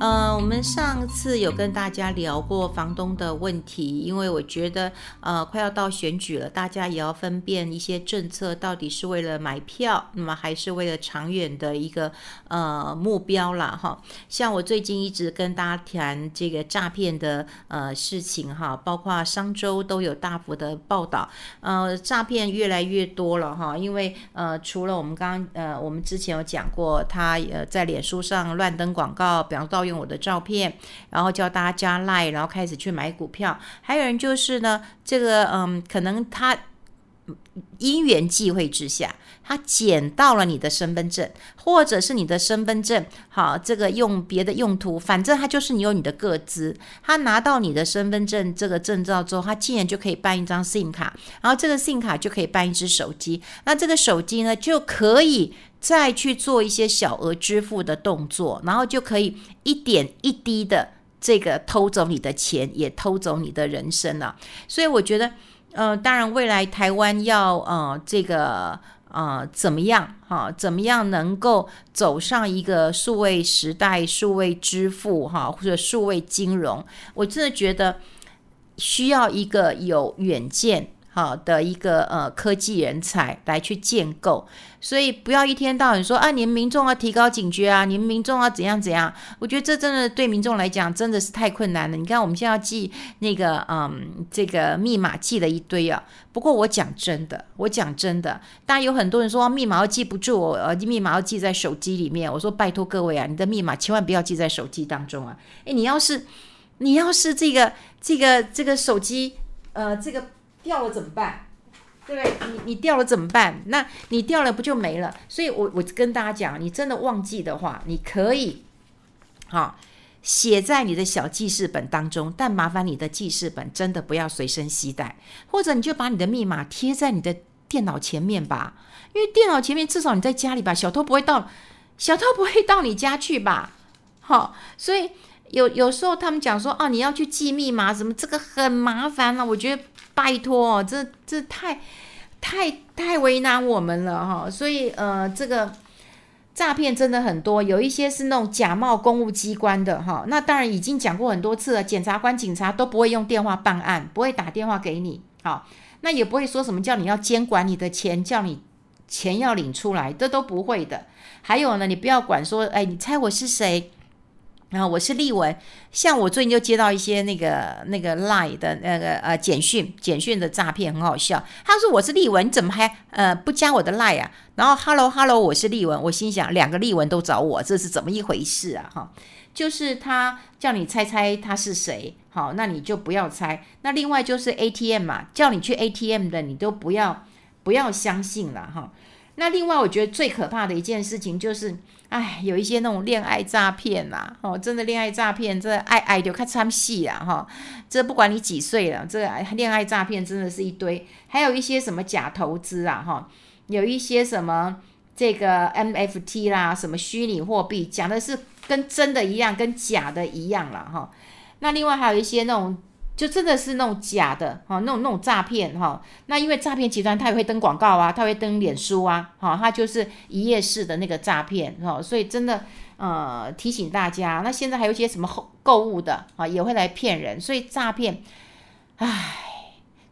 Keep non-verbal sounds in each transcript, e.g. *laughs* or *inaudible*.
呃，我們上次有跟大家聊過房東的問題，因為我覺得呃快要到選舉了，大家也要分辨一些政策到底是為了買票，那、嗯、麼還是為了長遠的一個呃目標啦哈。像我最近一直跟大家談這個詐騙的呃事情哈，包括上週都有大幅的報道，呃，詐騙越來越多了哈，因為呃除了我們剛呃我們之前有講過，他呃在臉書上亂登廣告，比方到。用我的照片，然後叫大家加 Line，然後開始去買股票。還有人就是呢，這個嗯，可能他。因緣際會之下，他撿到了你的身份證，或者是你的身份證，好，這個用別的用途，反正他就是你有你的個資。他拿到你的身份證這個證照之後，他竟然就可以辦一張信用卡，然後這個信用卡就可以辦一只手機，那這個手機呢，就可以再去做一些小額支付的動作，然後就可以一點一滴的這個偷走你的錢，也偷走你的人生了。所以我覺得。呃，當然，未來台灣要呃這個啊、呃、怎麼樣哈？怎麼樣能夠走上一個數位時代、數位支付哈，或者數位金融？我真的覺得需要一個有遠見。好的一個呃科技人才來去建構，所以不要一天到晚說啊，你們民眾要提高警覺啊，你們民眾要怎樣怎樣。我覺得這真的對民眾來講真的是太困難了。你看我們現在要記那個嗯這個密碼記了一堆啊。不過我講真的，我講真的，大家有很多人說密碼要記不住，呃，密碼要記在手機裡面。我說拜托各位啊，你的密碼千萬不要記在手機當中啊。誒，你要是你要是這個這個這個手機呃這個。掉了怎麼辦？對不對？你你掉了怎麼辦？那你掉了不就沒了？所以我，我我跟大家講，你真的忘記的話，你可以好、哦、寫在你的小記事本當中，但麻煩你的記事本真的不要隨身攜帶，或者你就把你的密碼貼在你的電腦前面吧，因為電腦前面至少你在家裡吧，小偷不會到小偷不會到你家去吧？好、哦，所以。有有時候他們講說啊，你要去記密碼什麼，這個很麻煩了、啊。我覺得拜托，這這太太太為難我們了哈、哦。所以呃，這個詐騙真的很多，有一些是那種假冒公務機關的哈、哦。那當然已經講過很多次了，檢察官、警察都不會用電話辦案，不會打電話給你，好、哦，那也不會說什麼叫你要監管你的錢，叫你錢要領出來，這都不會的。還有呢，你不要管說，誒、哎，你猜我是誰？然後我是麗文，像我最近就接到一些那個那個賴的那個呃簡訊，簡訊的詐騙很好笑。他說我是麗文，你怎麼還呃不加我的賴啊？然後 Hello Hello，我是麗文。我心想兩個麗文都找我，這是怎麼一回事啊？哈、哦，就是他叫你猜猜他是誰，好、哦，那你就不要猜。那另外就是 ATM 嘛，叫你去 ATM 的，你都不要不要相信了哈、哦。那另外我覺得最可怕的一件事情就是。唉，有一些那種戀愛詐騙啦，哦，真的戀愛詐騙，這愛愛就看參戲啦哈，這不管你幾歲了，這戀愛詐騙真的是一堆，還有一些什麼假投資啊哈、哦，有一些什麼這個 NFT 啦，什麼虛擬貨幣，講的是跟真的一樣，跟假的一樣了哈、哦，那另外還有一些那種。就真的是那種假的哈，那種那種詐騙哈。那因為詐騙集團，他也會登廣告啊，他會登臉書啊，好，他就是一頁式的那個詐騙哈。所以真的，呃，提醒大家，那現在還有一些什麼後購物的啊，也會來騙人。所以詐騙，唉，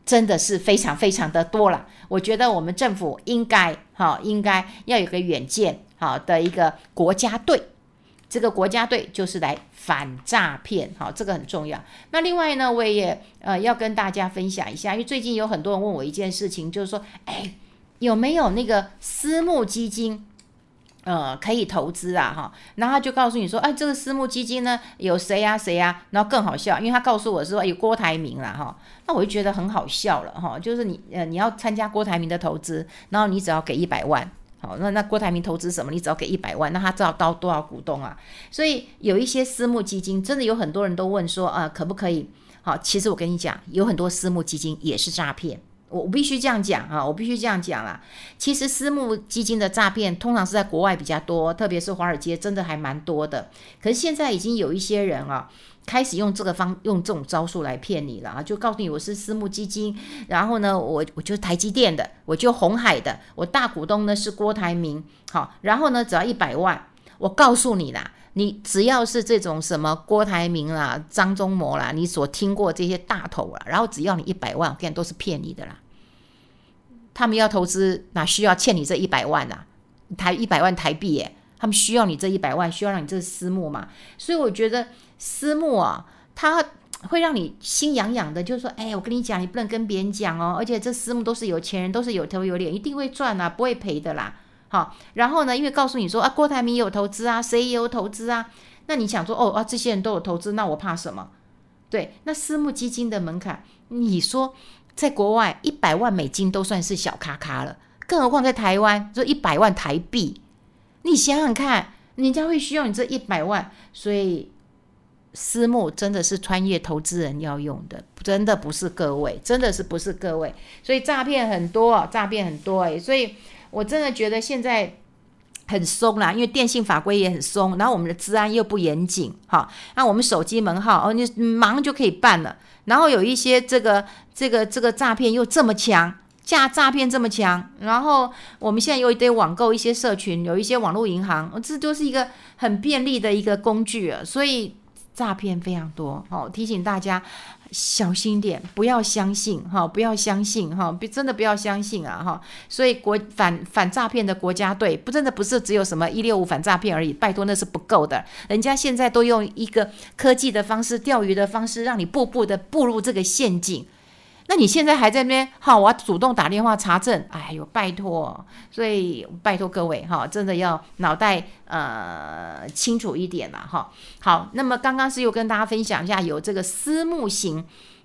真的是非常非常的多了。我覺得我們政府應該哈，應該要有個遠見好的一個國家隊。這個國家隊就是來反詐騙，哈，這個很重要。那另外呢，我也呃要跟大家分享一下，因為最近有很多人問我一件事情，就是說，哎，有沒有那個私募基金，呃，可以投資啊，哈？然後他就告訴你說，哎，這個私募基金呢，有誰啊，誰啊？然後更好笑，因為他告訴我是說，有、哎、郭台銘啦，哈、哦。那我就覺得很好笑了，哈、哦，就是你呃你要參加郭台銘的投資，然後你只要給一百萬。好，那那郭台銘投資什麼？你只要給一百萬，那他知道到多少股東啊？所以有一些私募基金，真的有很多人都問說啊，可不可以？好，其實我跟你講，有很多私募基金也是詐騙。我必須這樣講啊，我必須這樣講啦、啊。其實私募基金的詐騙通常是在國外比較多，特別是華爾街真的還蠻多的。可是現在已經有一些人啊，開始用這個方用這種招數來騙你了啊，就告訴你我是私募基金，然後呢，我我就台積電的，我就紅海的，我大股東呢是郭台銘，好，然後呢只要一百萬，我告訴你啦。你只要是這種什麼郭台銘啦、啊、張忠謀啦，你所聽過這些大頭啦、啊，然後只要你一百萬，我看都是騙你的啦。他們要投資哪需要欠你這一百萬啊？台一百萬台幣，耶，他們需要你這一百萬，需要讓你這私募嘛。所以我覺得私募啊，他會讓你心癢癢的，就是說，哎，我跟你講，你不能跟別人講哦。而且這私募都是有錢人，都是有頭有臉，一定會賺啊，不會賠的啦。好，然後呢？因為告訴你說啊，郭台銘有投資啊，誰也有投資啊，那你想說哦啊，這些人都有投資，那我怕什麼？對，那私募基金的門檻，你說在國外一百萬美金都算是小咖咖了，更何況在台灣，說一百萬台幣，你想想看，人家會需要你這一百萬？所以私募真的是穿越投資人要用的，真的不是各位，真的是不是各位？所以詐騙很多，詐騙很多、欸，所以。我真的覺得現在很鬆啦、啊，因為電信法規也很鬆，然後我們的治安又不嚴謹，哈、哦，那、啊、我們手機門號哦，你忙就可以辦了，然後有一些這個這個這個詐騙又這麼強，假詐騙這麼強，然後我們現在又得網購一些社群，有一些網絡銀行，哦、這都是一個很便利的一個工具啊，所以詐騙非常多，好、哦，提醒大家。小心點，不要相信哈，不要相信哈，真的不要相信啊哈！所以國反反詐騙的國家隊，不真的不是只有什麼一六五反詐騙而已，拜託那是不夠的，人家現在都用一個科技的方式、釣魚的方式，讓你步步的步入這個陷阱。那你現在還在那邊？哈，我要主動打電話查證。哎呦，拜托，所以拜托各位哈，真的要腦袋呃清楚一點啦哈。好，那麼剛剛是又跟大家分享一下有這個私募型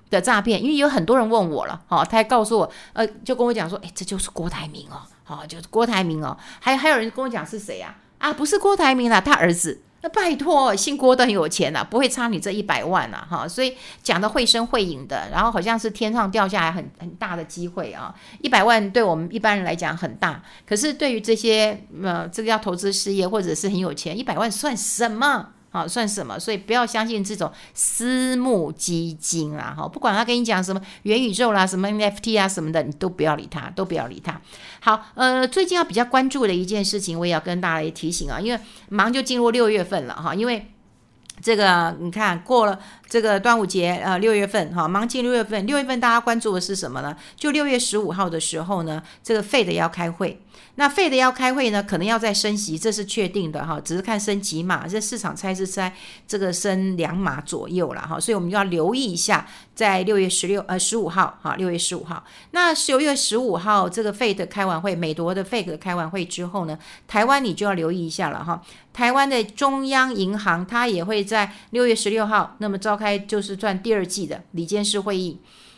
的詐騙，因為有很多人問我了，哈，他還告訴我，呃，就跟我講說，誒、欸、這就是郭台銘哦，好，就是郭台銘哦，還還有人跟我講是誰呀、啊？啊，不是郭台銘啦，他兒子。那拜託，姓郭的很有錢吶、啊，不會差你這一百萬吶，哈，所以講的繪聲繪影的，然後好像是天上掉下來很很大的機會啊，一百萬對我們一般人來講很大，可是對於這些呃這個要投資事業或者是很有錢，一百萬算什麼？好，算什麼？所以不要相信這種私募基金啊！哈，不管他跟你講什麼元宇宙啦、啊、什麼 NFT 啊、什麼的，你都不要理他，都不要理他。好，呃，最近要比較關注的一件事情，我也要跟大家來提醒啊，因為馬上就進入六月份了哈，因為。這個你看過了，這個端午節，呃，六月份，哈、哦，忙進六月份，六月份大家關注的是什麼呢？就六月十五號的時候呢，這個 Fed 要開會，那 Fed 要開會呢，可能要再升息，這是確定的，哈、哦，只是看升幾碼，這市場猜是猜這個升兩碼左右了，哈、哦，所以我們就要留意一下，在六月十六，呃，十五號，哈、哦，六月十五號，那十月十五號這個 Fed 開完會，美國的 Fed 開完會之後呢，台灣你就要留意一下了，哈、哦。台灣的中央銀行，它也會在六月十六號，那麼召開，就是賺第二季的理監事會議。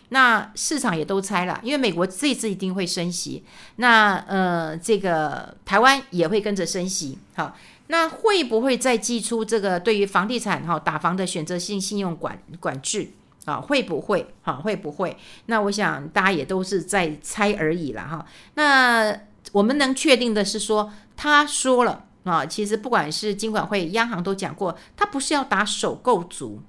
那市場也都猜了，因為美國這次一定會升息，那呃，這個台灣也會跟着升息。好，那會不會再祭出這個對於房地產哈，打房的選擇性信用管管制啊？會不會？會不會？那我想大家也都是在猜而已了哈。那我們能確定的是說，他說了。啊，其實不管是金管會、央行都講過，他不是要打首購族，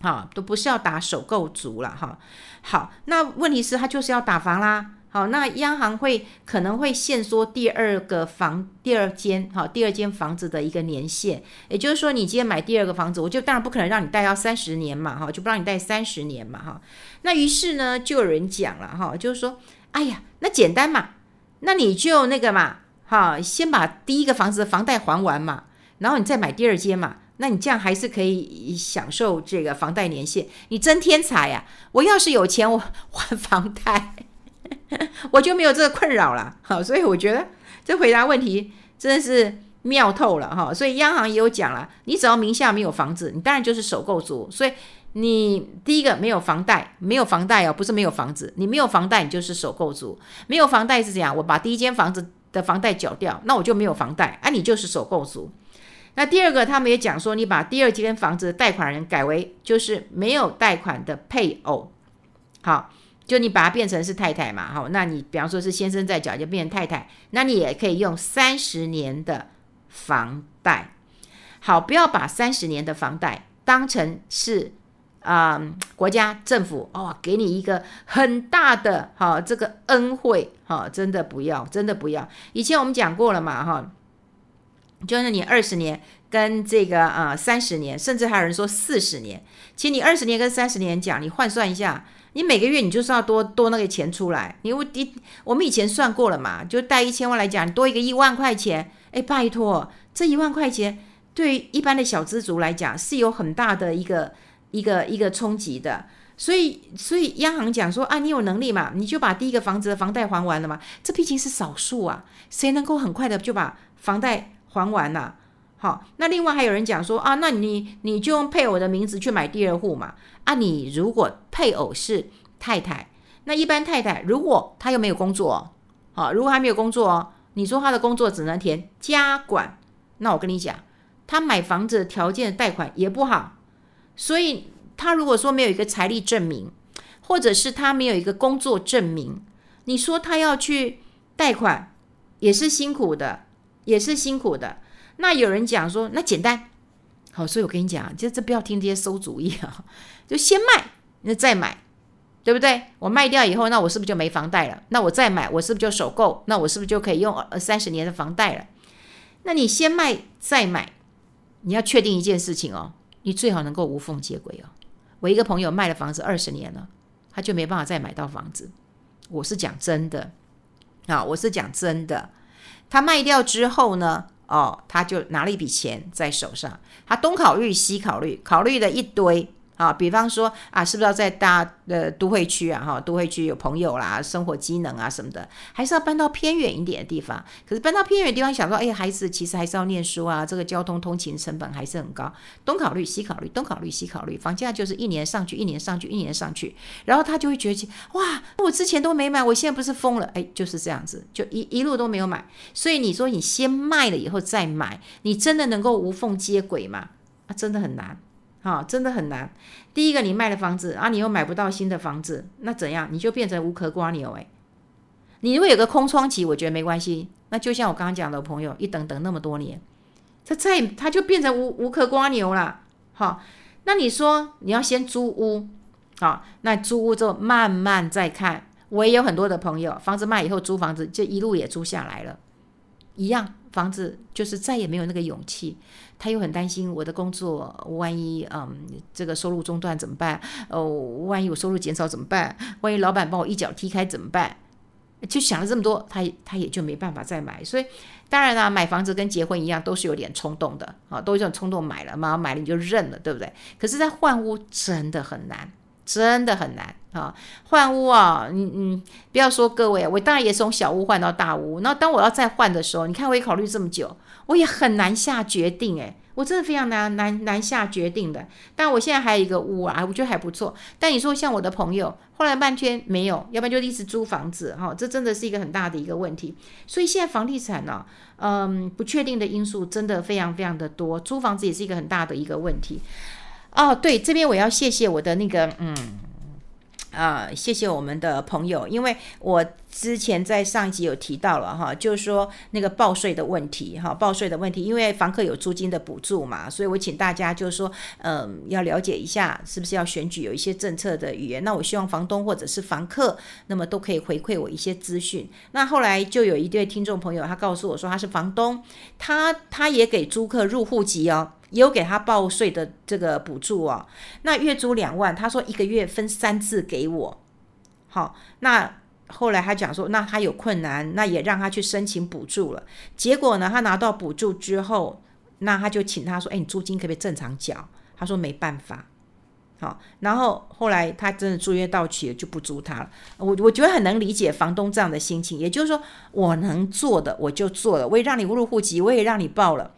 啊，都不是要打首購族了哈。好，那問題是，他就是要打房啦。好，那央行會可能會限縮第二個房、第二間，哈，第二間房子的一個年限，也就是說，你今天買第二個房子，我就當然不可能讓你貸到三十年嘛，哈，就不讓你貸三十年嘛，哈。那於是呢，就有人講了，哈，就是說，哎呀，那簡單嘛，那你就那個嘛。哈，先把第一個房子的房貸還完嘛，然後你再買第二間嘛，那你這樣還是可以享受這個房貸年限。你真天才呀！我要是有錢，我還房貸， *laughs* 我就沒有這個困擾了。哈，所以我覺得這回答問題真的是妙透了哈。所以央行也有講了，你只要名下沒有房子，你當然就是首購族。所以你第一個沒有房貸，沒有房貸哦，不是沒有房子，你沒有房貸，你就是首購族。沒有房貸是怎樣？我把第一間房子。的房貸繳掉，那我就沒有房貸啊，你就是首購族。那第二個，他們也講說，你把第二間房子的貸款的人改為就是沒有貸款的配偶，好，就你把它變成是太太嘛，好，那你比方說是先生在繳，就變成太太，那你也可以用三十年的房貸，好，不要把三十年的房貸當成是。啊！國家政府哦，給你一個很大的哈、啊，這個恩惠哈、啊，真的不要，真的不要。以前我們講過了嘛哈、啊，就是你二十年跟這個啊，三十年，甚至還有人說四十年。其實你二十年跟三十年講，你換算一下，你每個月你就是要多多那個錢出來。你我你我們以前算過了嘛，就貸一千萬來講，多一個一萬塊錢，哎、欸，拜託，這一萬塊錢對於一般的小資族來講是有很大的一個。一個一個衝擊的，所以所以央行講說啊，你有能力嘛，你就把第一個房子的房貸還完了嘛，這畢竟是少數啊，誰能夠很快的就把房貸還完呢？好、哦，那另外還有人講說啊，那你你就用配偶的名字去買第二戶嘛？啊，你如果配偶是太太，那一般太太如果她又沒有工作，好、哦，如果她沒有工作哦，你說她的工作只能填家管，那我跟你講，她買房子的條件貸款也不好。所以他如果說沒有一個財力證明，或者是他沒有一個工作證明，你說他要去貸款也是辛苦的，也是辛苦的。那有人講說那簡單，好，所以我跟你講，就這不要聽這些餿主意啊，就先賣，那再買，對不對？我賣掉以後，那我是不是就沒房貸了？那我再買，我是不是就首購？那我是不是就可以用三十年的房貸了？那你先賣再買，你要確定一件事情哦。你最好能夠無縫接軌哦。我一個朋友賣了房子二十年了，他就沒辦法再買到房子。我是講真的，啊、哦，我是講真的。他賣掉之後呢，哦，他就拿了一筆錢在手上，他東考慮西考慮，考慮了一堆。啊，比方說啊，是不是要在大呃都會區啊？哈，都會區有朋友啦，生活機能啊什麼的，還是要搬到偏遠一點的地方。可是搬到偏遠的地方，想說，哎，孩子其實還是要念書啊，這個交通通勤成本還是很高。東考慮西考慮，東考慮西考慮，房價就是一年上去，一年上去，一年上去，然後他就會覺得，哇，我之前都沒買，我現在不是瘋了？哎，就是這樣子，就一一路都沒有買。所以你說你先賣了以後再買，你真的能夠無縫接軌嗎？啊，真的很難。哈、哦，真的很難。第一個，你賣了房子，啊，你又買不到新的房子，那怎樣？你就變成無殼蝸牛哎、欸。你如果有個空窗期，我覺得沒關係。那就像我剛剛講的朋友，一等等那麼多年，他再他就變成無無殼蝸牛啦。哈、哦，那你說你要先租屋，好、哦，那租屋之後慢慢再看。我也有很多的朋友，房子賣以後租房子，就一路也租下來了，一樣。房子就是再也沒有那個勇氣，他又很擔心我的工作，萬一嗯這個收入中斷怎麼辦？哦，萬一我收入減少怎麼辦？萬一老板把我一腳踢開怎麼辦？就想了這麼多，他他也就沒辦法再買。所以當然啦，買房子跟結婚一樣，都是有點衝動的啊，都有一種衝動買了嘛，買了你就認了，對不對？可是，在換屋真的很難。真的很難啊、哦，換屋啊，嗯嗯，不要說各位，我當然也是從小屋換到大屋。那當我要再換的時候，你看我也考慮這麼久，我也很難下決定誒，我真的非常難難難下決定的。但我現在還有一個屋啊，我覺得還不錯。但你說像我的朋友，後來半天沒有，要不然就一直租房子哈、哦，這真的是一個很大的一個問題。所以現在房地產呢、啊，嗯，不確定的因素真的非常非常的多，租房子也是一個很大的一個問題。哦，對，這邊我要謝謝我的那個，嗯，啊、呃，謝謝我們的朋友，因為我，之前在上一集有提到了哈，就是說那個報稅的問題哈，報稅的問題，因為房客有租金的補助嘛，所以我請大家就是說，嗯，要了解一下是不是要選舉有一些政策的語言。那我希望房東或者是房客，那麼都可以回饋我一些資訊。那後來就有一對聽眾朋友，他告訴我說他是房東，他他也給租客入戶籍哦，也有給他報稅的這個補助啊、哦。那月租兩萬，他說一個月分三次給我，好那。後來他講說，那他有困難，那也讓他去申請補助了。結果呢，他拿到補助之後，那他就請他說：“哎，你租金可不可以正常繳？”他說：“沒辦法。”好，然後後來他真的租約到期了，就不租他了。我我覺得很能理解房東這樣的心情，也就是說，我能做的我就做了，我也讓你入戶籍，我也讓你報了，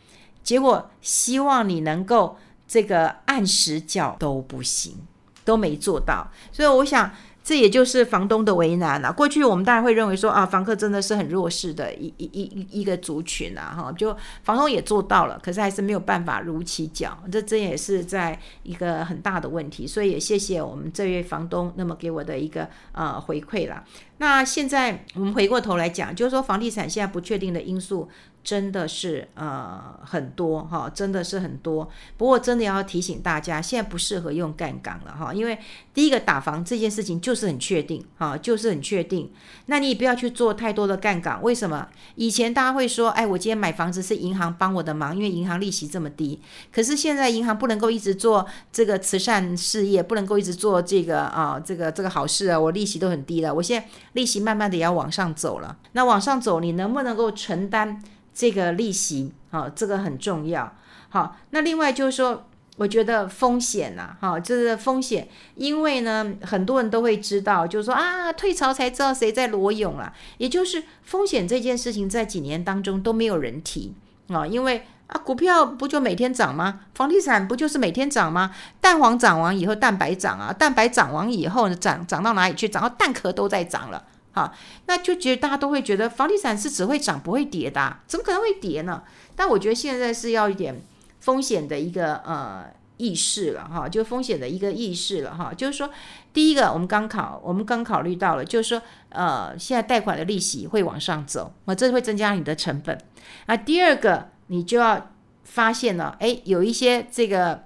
結果希望你能夠這個按時繳都不行，都沒做到。所以我想。這也就是房東的為難了啊。過去我們大家會認為說啊，房客真的是很弱勢的一一一一個族群啊，哈，就房東也做到了，可是還是沒有辦法如期繳，這這也是在一個很大的問題。所以也謝謝我們這位房東，那麼給我的一個呃回饋了。那現在我們回過頭來講，就是說房地產現在不確定的因素真的是呃很多哈，真的是很多。不過真的要提醒大家，現在不適合用槓桿了哈，因為第一個打房這件事情就是很確定哈，就是很確定。那你也不要去做太多的槓桿，為什麼？以前大家會說，哎，我今天買房子是銀行幫我的忙，因為銀行利息這麼低。可是現在銀行不能夠一直做這個慈善事業，不能夠一直做這個啊，這個這個好事啊，我利息都很低了，我現在。利息慢慢的也要往上走了，那往上走，你能不能夠承擔這個利息？好、哦，這個很重要。好，那另外就是說，我覺得風險啊，哈、哦，就是風險，因為呢，很多人都會知道，就是說啊，退潮才知道誰在裸泳了、啊，也就是風險這件事情，在幾年當中都沒有人提啊、哦，因為。啊，股票不就每天漲嗎？房地產不就是每天漲嗎？蛋黃漲完以後，蛋白漲啊，蛋白漲完以後漲，漲漲到哪裡去？漲到蛋殼都在漲了，哈，那就覺得大家都會覺得房地產是只會漲不會跌的啊，怎麼可能會跌呢？但我覺得現在是要一點風險的一個呃意識了哈，就風險的一個意識了哈，就是說，第一個我們剛考我們剛考慮到了，就是說呃，現在貸款的利息會往上走，那這會增加你的成本啊。第二個。你就要發現了，欸，有一些這個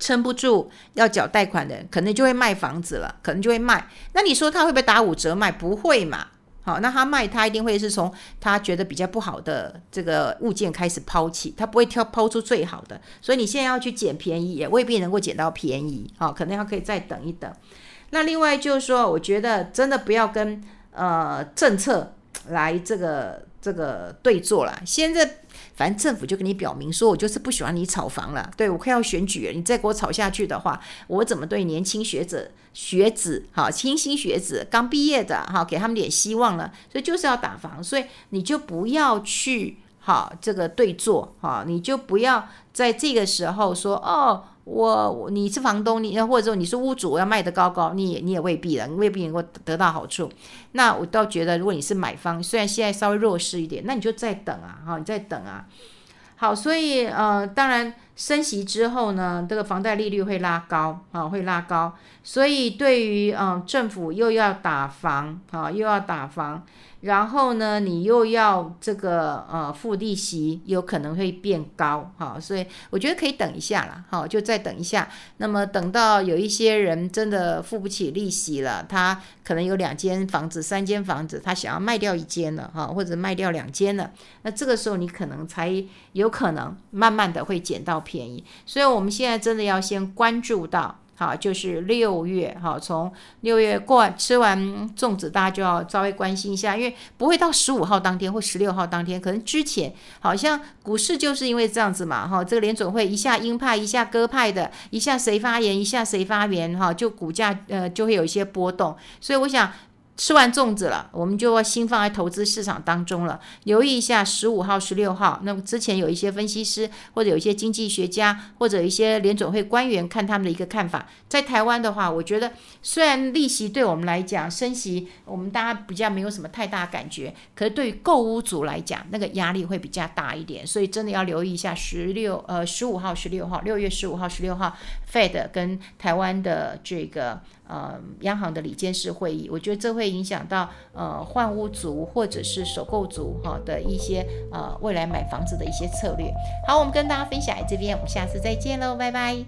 撐不住要繳貸款的人，可能就會賣房子了，可能就會賣。那你說他會不會打五折賣？不會嘛。好，那他賣，他一定會是從他覺得比較不好的這個物件開始拋棄，他不會挑拋出最好的。所以你現在要去撿便宜，也未必能夠撿到便宜。啊，可能要可以再等一等。那另外就是說，我覺得真的不要跟呃政策來這個這個對坐了。現在。反正政府就跟你表明說，我就是不喜歡你炒房了。對，我快要選舉了，你再給我炒下去的話，我怎麼對年輕學者、學子，哈，清新學子剛畢業的哈，給他們點希望呢？所以就是要打房，所以你就不要去哈這個對坐，哈，你就不要在這個時候說哦。我，你是房東，你或者說你是屋主，我要賣得高高，你也你也未必了，你未必能夠得到好處。那我倒覺得，如果你是買方，雖然現在稍微弱勢一點，那你就再等啊，哈、哦，你再等啊。好，所以呃，當然。升息之後呢，這個房貸利率會拉高，啊，會拉高，所以對於嗯政府又要打房，啊，又要打房，然後呢，你又要這個呃付利息，有可能會變高，哈，所以我覺得可以等一下啦，好，就再等一下，那麼等到有一些人真的付不起利息了，他可能有兩間房子、三間房子，他想要賣掉一間了，哈，或者賣掉兩間了，那這個時候你可能才有可能慢慢的會撿到便宜，所以我們現在真的要先關注到，好，就是六月，好，從六月過吃完粽子，大家就要稍微關心一下，因為不會到十五號當天或十六號當天，可能之前好像股市就是因為這樣子嘛，哈，這個聯準會一下鷹派，一下鴿派的，一下誰發言，一下誰發言，哈，就股價呃就會有一些波動，所以我想。吃完粽子了，我們就要心放在投資市場當中了，留意一下十五號、十六號。那麼之前有一些分析師，或者有一些經濟學家，或者一些聯準會官員，看他們的一個看法。在台灣的話，我覺得雖然利息對我們來講升息，我們大家比較沒有什麼太大的感覺，可是對於購屋族來講，那個壓力會比較大一點。所以真的要留意一下十六呃十五號、十六號，六月十五號、十六號，Fed 跟台灣的這個。呃，央行的理監事會議，我覺得這會影響到呃換屋族或者是首購族哈、哦、的一些呃未來買房子的一些策略。好，我們跟大家分享在這邊，我們下次再見嘍，拜拜。